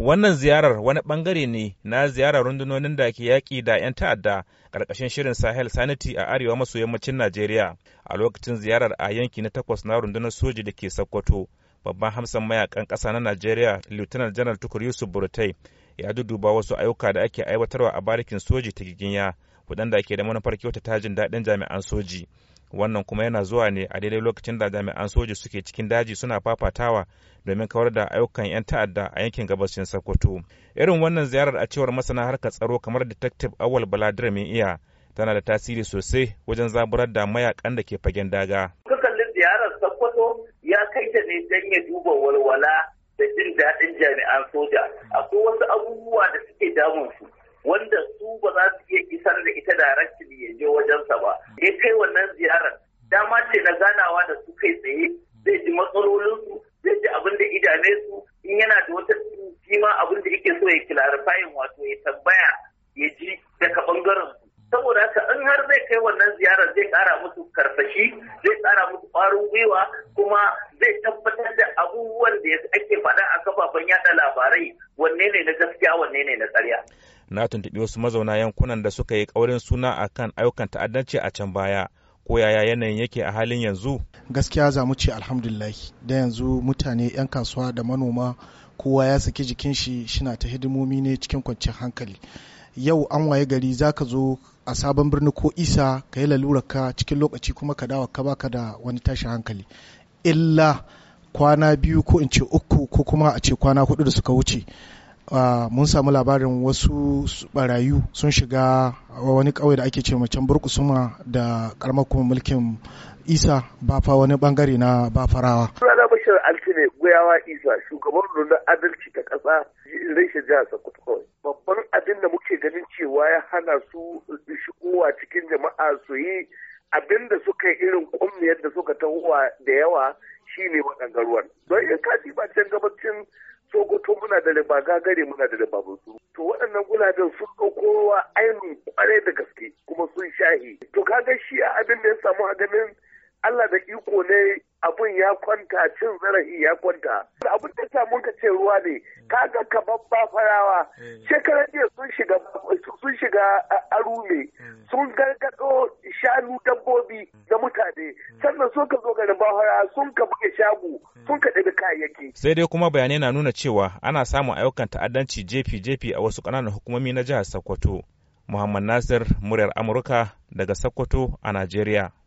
Wannan ziyarar wani bangare ne na ziyarar rundunonin da ke yaƙi da 'yan ta'adda ƙarƙashin shirin Sahel Sanity a arewa maso yammacin Najeriya a lokacin ziyarar a yanki na takwas na rundunar soji da ke Sokoto. Babban hamsan mayakan ƙasa na Najeriya Lieutenant General Tukur Yusuf Burtai ya duduba wasu ayyuka da ake aiwatarwa a barikin soji ta Giginya waɗanda ke da manufar kyautata jin daɗin jami'an soji. wannan kuma yana zuwa ne a daidai lokacin da jami'an soja suke cikin daji suna fafatawa domin kawar da ayyukan 'yan ta'adda a yankin gabashin sokoto irin wannan ziyarar a cewar masana harkar tsaro kamar detective awal baladir mai iya tana da tasiri sosai wajen zaburar da mayakan da ke fagen daga ziyarar sokoto ya kai ta ne don ya duba walwala da jin daɗin jami'an soja akwai wasu abubuwa da suke damun su wanda su ba za su iya isar da ita da directly ya je wajensa ba ya kai wannan ziyarar dama ce na ganawa da su kai tsaye zai ji matsalolinsu zai ji abin da idane su in yana da wata kima abin da yake so ya kilarifayin wato ya tambaya ya ji daga bangaren su saboda haka in har zai kai wannan ziyarar zai kara musu karfashi zai kara musu ƙwarin gwiwa kuma zai tabbatar da abubuwan da ake faɗa a kafafen yada labarai wanne ne na gaskiya wanne ne na ƙarya na tuntuɓi wasu mazauna yankunan da suka yi ƙaurin suna a kan ayyukan ta'addanci a can baya ko yaya yanayin yake a halin yanzu gaskiya za mu ce alhamdulillahi da yanzu mutane 'yan kasuwa da manoma kowa ya saki jikin shi shina ta hidimomi ne cikin kwanciyar hankali yau an waye gari za ka zo a sabon birni ko isa ka yi ka cikin lokaci kuma ka dawa ka baka da wani tashin hankali illa kwana biyu ko in ce uku ko kuma a ce kwana hudu da suka wuce Ah, mun samu labarin wasu barayu sun shiga wani ƙauye da ake ce can burkusuma da karmakon mulkin isa bafa wani bangare na bafarawa. Rana bashar Altine Goyawa Isa shugaban rundunar adalci ta ƙasa shi jihar Sokoto kawai. Babban abin da muke ganin cewa ya hana su shigowa cikin jama'a su yi abin da suka yi irin kummiyar da suka tahowa da yawa shine maɗangarwar. ruwan. Don in ka ba can gabacin Sogoto muna da riba gagare muna da riba to waɗannan gulajen sun ɗauko ruwa ainihin kwarai da gaske kuma sun shahi to kaga shi a abin da ya samu a ganin Allah da iko ne abun ya kwanta cin zarafi ya kwanta abun da ta mun ce ruwa ne kaga kamar ba farawa eh. shekarar jiya sun shiga sun shiga arume eh. sun gargado shanu dabbobi hmm. da mutane hmm. sannan sun ka zo garin bahara sun ka buga shago hmm. sun ka ɗaga kayayyaki sai dai kuma bayanai na nuna cewa ana samun ayyukan ta'addanci jefi jefi a wasu ƙananan hukumomi na jihar Sokoto Muhammad Nasir muryar Amurka daga Sokoto a Najeriya